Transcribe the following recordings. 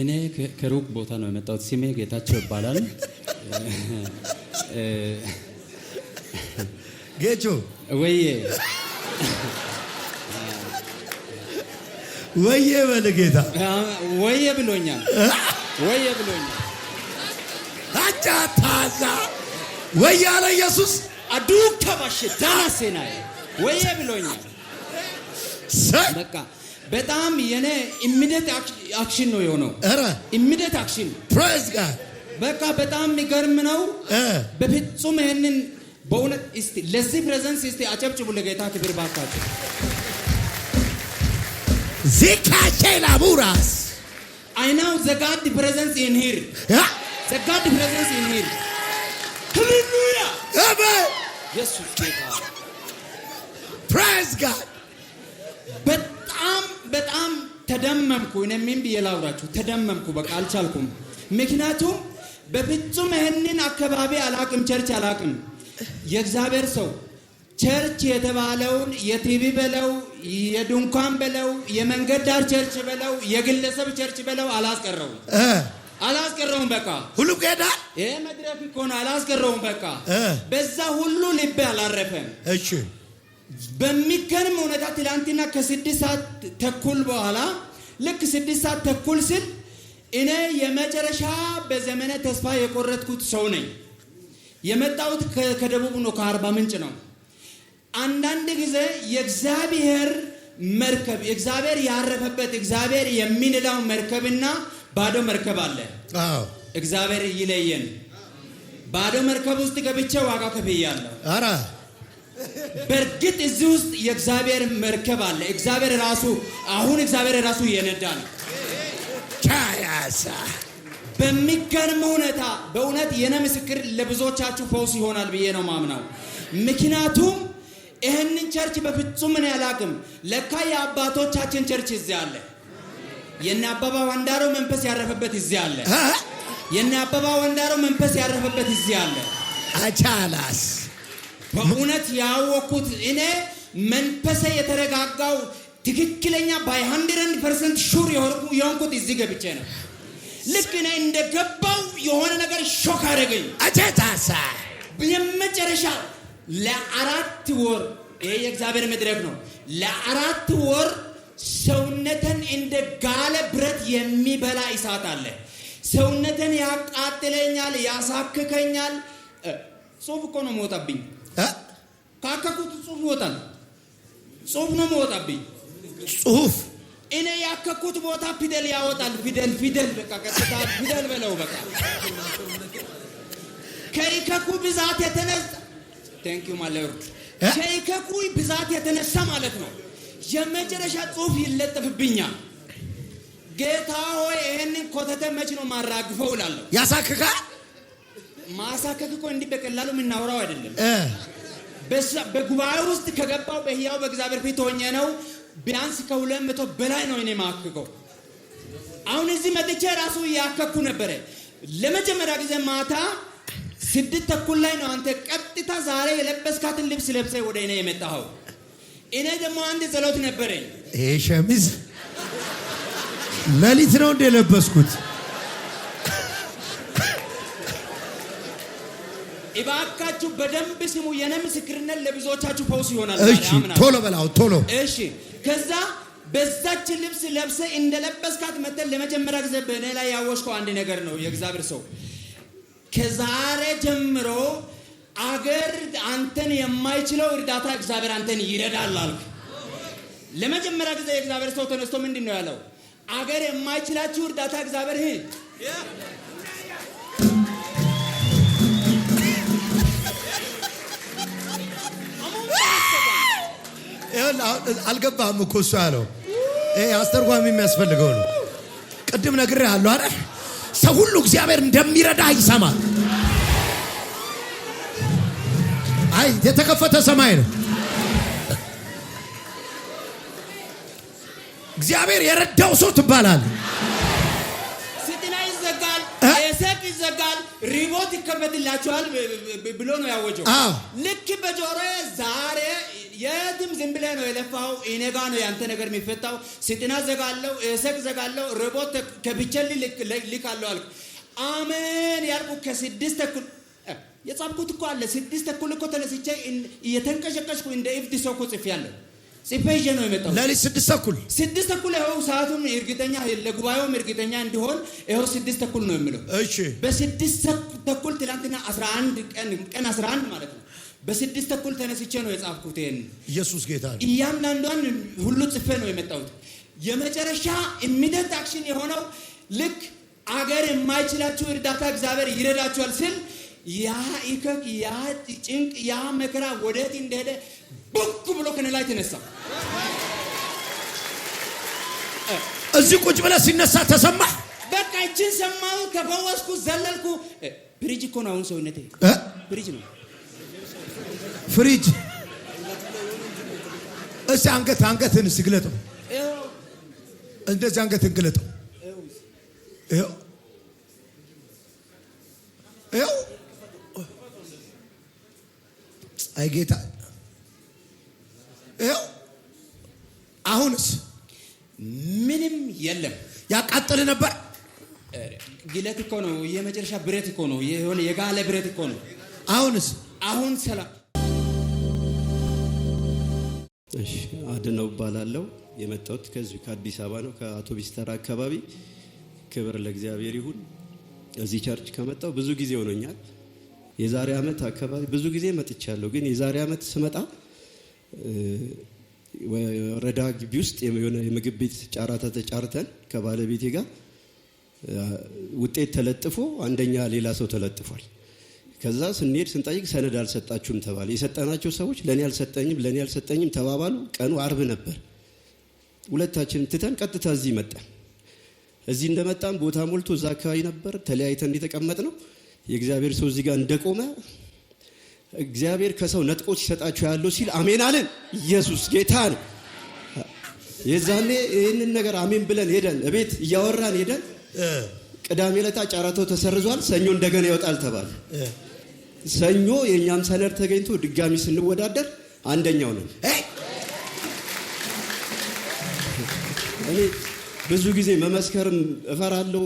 እኔ ከሩቅ ቦታ ነው የመጣሁት። ስሜ ጌታቸው ይባላል። ጌቾ ወየ ወየ በል ጌታ ወየ ብሎኛል። ወየ ብሎኛል። አጫ ታዛ ወዬ አለ ኢየሱስ አዱከ ባሽ ዳሴና ወዬ ብሎኛል በቃ በጣም የኔ ኢሚዲየት አክሽን ነው የሆነው። ኧረ ኢሚዲየት አክሽን ፕሬዝ ጋር በቃ በጣም የሚገርም ነው። በፍጹም ይሄንን በእውነት እስቲ ለዚህ ፕሬዘንስ እስቲ አጨብጭቡ ለጌታ ክብር ባካችሁ። ዚካቼ ላቡራስ አይ ናው ዘ ጋድ ፕሬዘንስ ኢን ሂር ዘ ጋድ ፕሬዘንስ ኢን ሂር ሃሌሉያ አሜን ኢየሱስ ጌታ ፕሬዝ ጋድ በጣም ተደመምኩ። እኔ ብዬ ላውራችሁ? ተደመምኩ። በቃ አልቻልኩም። ምክንያቱም በፍጹም ይህንን አካባቢ አላቅም፣ ቸርች አላቅም። የእግዚአብሔር ሰው ቸርች የተባለውን የቲቪ በለው የድንኳን በለው የመንገድ ዳር ቸርች በለው የግለሰብ ቸርች በለው አላስቀረውም፣ አላስቀረውም። በቃ ሁሉ ገዳ ይሄ መድረክ እኮ ነው። አላስቀረውም። በቃ በዛ ሁሉ ልቤ አላረፈም። እሺ በሚገርም ሁኔታ ትላንትና ከስድስት ሰዓት ተኩል በኋላ ልክ ስድስት ሰዓት ተኩል ስል እኔ የመጨረሻ በዘመነ ተስፋ የቆረጥኩት ሰው ነኝ። የመጣሁት ከደቡብ ነው፣ ከአርባ ምንጭ ነው። አንዳንድ ጊዜ የእግዚአብሔር መርከብ እግዚአብሔር ያረፈበት እግዚአብሔር የሚንላው መርከብና ባዶ መርከብ አለ። እግዚአብሔር ይለየን። ባዶ መርከብ ውስጥ ገብቼ ዋጋ ከፍያለሁ። በእርግጥ እዚህ ውስጥ የእግዚአብሔር መርከብ አለ። እግዚአብሔር ራሱ አሁን እግዚአብሔር ራሱ እየነዳ ነው። ቻያሳ በሚገርም ሁኔታ በእውነት የነ ምስክር ለብዙዎቻችሁ ፈውስ ይሆናል ብዬ ነው ማምናው። ምክንያቱም ይህንን ቸርች በፍጹም እኔ አላቅም። ለካ የአባቶቻችን ቸርች እዚ አለ። የነ አባባ ወንዳሮ መንፈስ ያረፈበት እዚ አለ። የነ አባባ ወንዳሮ መንፈስ ያረፈበት እዚ አለ። አቻላስ በእውነት ያወቅኩት እኔ መንፈሰ የተረጋጋው ትክክለኛ ባይ ሀንድረድ ፐርሰንት ሹር የሆንኩት እዚህ ገብቼ ነው። ልክ እኔ እንደገባው የሆነ ነገር ሾክ አደረገኝ። አጨታሳ የመጨረሻ ለአራት ወር ይህ የእግዚአብሔር መድረክ ነው። ለአራት ወር ሰውነትን እንደ ጋለ ብረት የሚበላ እሳት አለ። ሰውነትን ያቃጥለኛል፣ ያሳክከኛል። ጽሁፍ እኮ ነው መውጣብኝ ካከኩት ጽሁፍ ይወጣል። ጽሁፍ ነው መወጣብኝ ጽሁፍ እኔ ያከኩት ቦታ ፊደል ያወጣል። ፊደል ፊደል በቃ ቀጥታ ፊደል በለው በቃ ከይከኩ ብዛት የተነሳ ቴንኪው ማለርት ከይከኩ ብዛት የተነሳ ማለት ነው የመጨረሻ ጽሁፍ ይለጠፍብኛል። ጌታ ሆይ ይህንን ኮተተ መች ነው ማራግፈው እላለሁ። ያሳክካል ማሳከክ እኮ እንዲህ በቀላሉ የምናወራው አይደለም። በጉባኤ ውስጥ ከገባው በህያው በእግዚአብሔር ፊት ሆኜ ነው። ቢያንስ ከሁለት መቶ በላይ ነው እኔ ማክከው። አሁን እዚህ መጥቼ ራሱ እያከኩ ነበረ። ለመጀመሪያ ጊዜ ማታ ስድስት ተኩል ላይ ነው አንተ ቀጥታ ዛሬ የለበስካትን ልብስ ለብሰ ወደ እኔ የመጣኸው። እኔ ደግሞ አንድ ጸሎት ነበረኝ። ይሄ ሸሚዝ ሌሊት ነው እንደ የለበስኩት እባካችሁ በደንብ ስሙ። የኔ ምስክርነት ለብዙዎቻችሁ ፈውስ ይሆናል። እሺ፣ ቶሎ በላው ቶሎ። እሺ፣ ከዛ በዛች ልብስ ለብሰ እንደለበስካት መተን ለመጀመሪያ ጊዜ በእኔ ላይ ያወሽከው አንድ ነገር ነው። የእግዚአብሔር ሰው ከዛሬ ጀምሮ አገር አንተን የማይችለው እርዳታ እግዚአብሔር አንተን ይረዳል አልክ። ለመጀመሪያ ጊዜ የእግዚአብሔር ሰው ተነስቶ ምንድን ነው ያለው? አገር የማይችላችሁ እርዳታ እግዚአብሔር አልገባም እኮ እሱ ያለው አስተርጓሚ የሚያስፈልገው ነው። ቅድም ነግሬሃለሁ አይደል? ሰው ሁሉ እግዚአብሔር እንደሚረዳ ይሰማል። አይ የተከፈተ ሰማይ ነው። እግዚአብሔር የረዳው ሰው ትባላል። ስትና ይዘጋል፣ የሰቅ ይዘጋል፣ ሪሞት ይከፈትላቸዋል ብሎ ነው ያወጀው። ልክ በጆሮ ዛሬ የትም ዝም ብለህ ነው የለፋው። እኔ ጋ ነው ያንተ ነገር የሚፈታው። ስጥና ዘጋለው፣ እሰቅ ዘጋለው፣ ርቦት ከብቸል ልካለው አልኩ። አሜን ያልኩ ከስድስት ተኩል የጻፍኩት እኮ አለ። ስድስት ተኩል እኮ ተነስቼ እየተንቀሸቀሽኩ እንደ እብድ ሰው እኮ ጽፌያለሁ። ጽፌ ይዤ ነው የመጣሁት። ሌሊት ስድስት ተኩል ስድስት ተኩል ይኸው፣ ሰዓቱም እርግጠኛ ለጉባኤውም እርግጠኛ እንዲሆን ይኸው ስድስት ተኩል ነው የምለው። እሺ፣ በስድስት ተኩል ትላንትና አስራ አንድ ቀን ቀን አስራ አንድ ማለት ነው በስድስት ተኩል ተነስቼ ነው የጻፍኩት። ይሄን ኢየሱስ ጌታ ነው። እያንዳንዷን ሁሉ ጽፌ ነው የመጣሁት። የመጨረሻ ኢሚዲየት አክሽን የሆነው ልክ አገር የማይችላችሁ እርዳታ እግዚአብሔር ይረዳችኋል ስል ያ ኢከክ ያ ጭንቅ ያ መከራ ወዴት እንደሄደ ብቅ ብሎ ከኔ ላይ ተነሳ። እዚህ ቁጭ ብለህ ሲነሳ ተሰማህ። በቃ እችን ሰማሁ፣ ተፈወስኩ፣ ዘለልኩ። ብሪጅ እኮ ነው አሁን ሰውነቴ ብሪጅ ነው። ፍሪጅ እስ አንገት አንገትን ስግለጠው እንደዚህ አንገትን ግለጠው። አይ ጌታ አሁንስ ምንም የለም። ያቃጠል ነበር ግለት እኮ ነው። የመጨረሻ ብረት እኮ ነው። የሆነ የጋለ ብረት እኮ ነው። አሁንስ አሁን ሰላም። እሺ አድነው እባላለሁ። የመጣሁት ከዚህ ከአዲስ አበባ ነው፣ ከአውቶቢስ ተራ አካባቢ። ክብር ለእግዚአብሔር ይሁን። እዚህ ቸርች ከመጣሁ ብዙ ጊዜ ሆኖኛል። የዛሬ ዓመት አካባቢ ብዙ ጊዜ መጥቻለሁ፣ ግን የዛሬ ዓመት ስመጣ ወረዳ ግቢ ውስጥ የሆነ የምግብ ቤት ጫራታ ተጫርተን ከባለቤቴ ጋር ውጤት ተለጥፎ አንደኛ ሌላ ሰው ተለጥፏል። ከዛ ስንሄድ ስንጠይቅ ሰነድ አልሰጣችሁም ተባለ። የሰጠናቸው ሰዎች ለእኔ አልሰጠኝም ለእኔ አልሰጠኝም ተባባሉ። ቀኑ አርብ ነበር። ሁለታችንም ትተን ቀጥታ እዚህ መጣን። እዚህ እንደመጣም ቦታ ሞልቶ እዛ አካባቢ ነበር ተለያይተን የተቀመጥ ነው። የእግዚአብሔር ሰው እዚህ ጋር እንደቆመ እግዚአብሔር ከሰው ነጥቆ ሲሰጣቸው ያለው ሲል አሜን አለን። ኢየሱስ ጌታ ነው። የዛኔ ይህንን ነገር አሜን ብለን ሄደን እቤት እያወራን ሄደን ቅዳሜ ለታ ጨረታው ተሰርዟል፣ ሰኞ እንደገና ይወጣል ተባለ። ሰኞ የእኛም ሰነድ ተገኝቶ ድጋሚ ስንወዳደር አንደኛው ነን። እኔ ብዙ ጊዜ መመስከርም እፈራለሁ።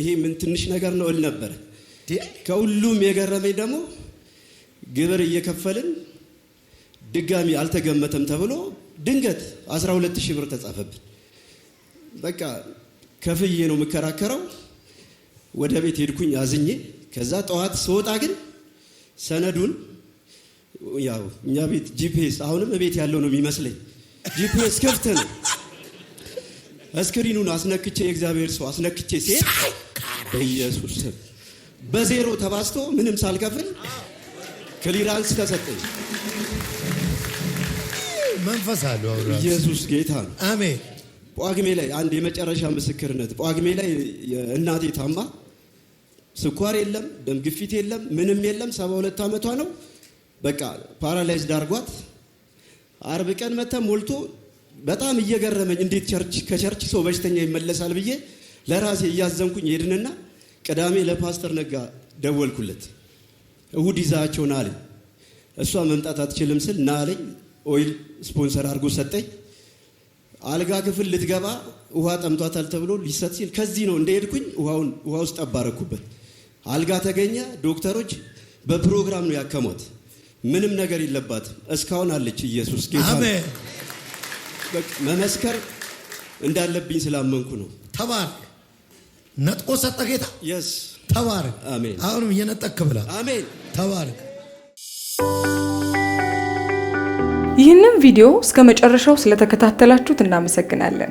ይሄ ምን ትንሽ ነገር ነው እል ነበረ። ከሁሉም የገረመኝ ደግሞ ግብር እየከፈልን ድጋሚ አልተገመተም ተብሎ ድንገት 12 ሺህ ብር ተጻፈብን። በቃ ከፍዬ ነው የምከራከረው። ወደ ቤት ሄድኩኝ አዝኜ። ከዛ ጠዋት ስወጣ ግን ሰነዱን ያው እኛ ቤት ጂፒኤስ አሁንም ቤት ያለው ነው የሚመስለኝ። ጂፒኤስ ክፍት ነው። እስክሪኑን አስነክቼ የእግዚአብሔር ሰው አስነክቼ ሴት በኢየሱስ ስም በዜሮ ተባዝቶ ምንም ሳልከፍል ክሊራንስ ተሰጠኝ። መንፈስ አሉ ኢየሱስ ጌታ ነው። አሜን። ጳጉሜ ላይ አንድ የመጨረሻ ምስክርነት ጳጉሜ ላይ እናቴ ታማ ስኳር የለም፣ ደም ግፊት የለም፣ ምንም የለም። ሰባ ሁለት ዓመቷ ነው። በቃ ፓራላይዝ ዳርጓት አርብ ቀን መተ ሞልቶ በጣም እየገረመኝ እንዴት ቸርች ከቸርች ሰው በሽተኛ ይመለሳል ብዬ ለራሴ እያዘንኩኝ ሄድንና ቅዳሜ ለፓስተር ነጋ ደወልኩለት። እሁድ ይዛቸው ና አለኝ። እሷ መምጣት አትችልም ስል ና አለኝ። ኦይል ስፖንሰር አድርጎ ሰጠኝ። አልጋ ክፍል ልትገባ ውሃ ጠምቷታል ተብሎ ሊሰጥ ሲል ከዚህ ነው እንደሄድኩኝ ውሃ ውስጥ ጠባረኩበት። አልጋ ተገኘ። ዶክተሮች በፕሮግራም ነው ያከሟት። ምንም ነገር የለባትም። እስካሁን አለች። ኢየሱስ ጌታ መመስከር እንዳለብኝ ስላመንኩ ነው። ተባረክ። ነጥቆ ሰጠ ጌታ። የስ ተባረክ። አሜን። አሁንም እየነጠክ ብላ። አሜን። ተባረክ። ይህንን ቪዲዮ እስከ መጨረሻው ስለተከታተላችሁት እናመሰግናለን።